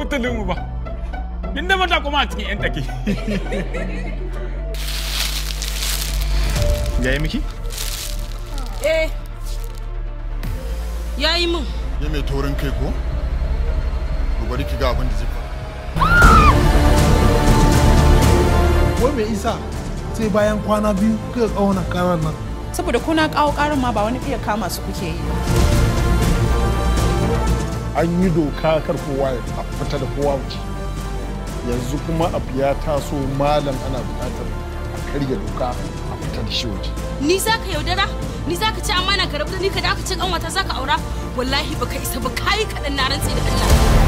kutulinmu ba inda mata kuma a cikin 'yan take yayi miki? eh ya yi min ya mai taurin kai ko? bari ki ga abin da zai ko mai isa sai bayan kwana biyu kuka kawo na karar nan saboda kuna kawo karar ma ba wani iya kama su kuke yi ba an yi doka kar kowa ya fita da kowa wuce yanzu kuma abu ya taso malam ana buƙatar a karya doka a fita da shi waje ni za ka yaudara ni za ka ci amana ka rabu da ni ka da ka kanwata za ka aura wallahi ba ka isa ba ka yi kaɗan na rantsi da Allah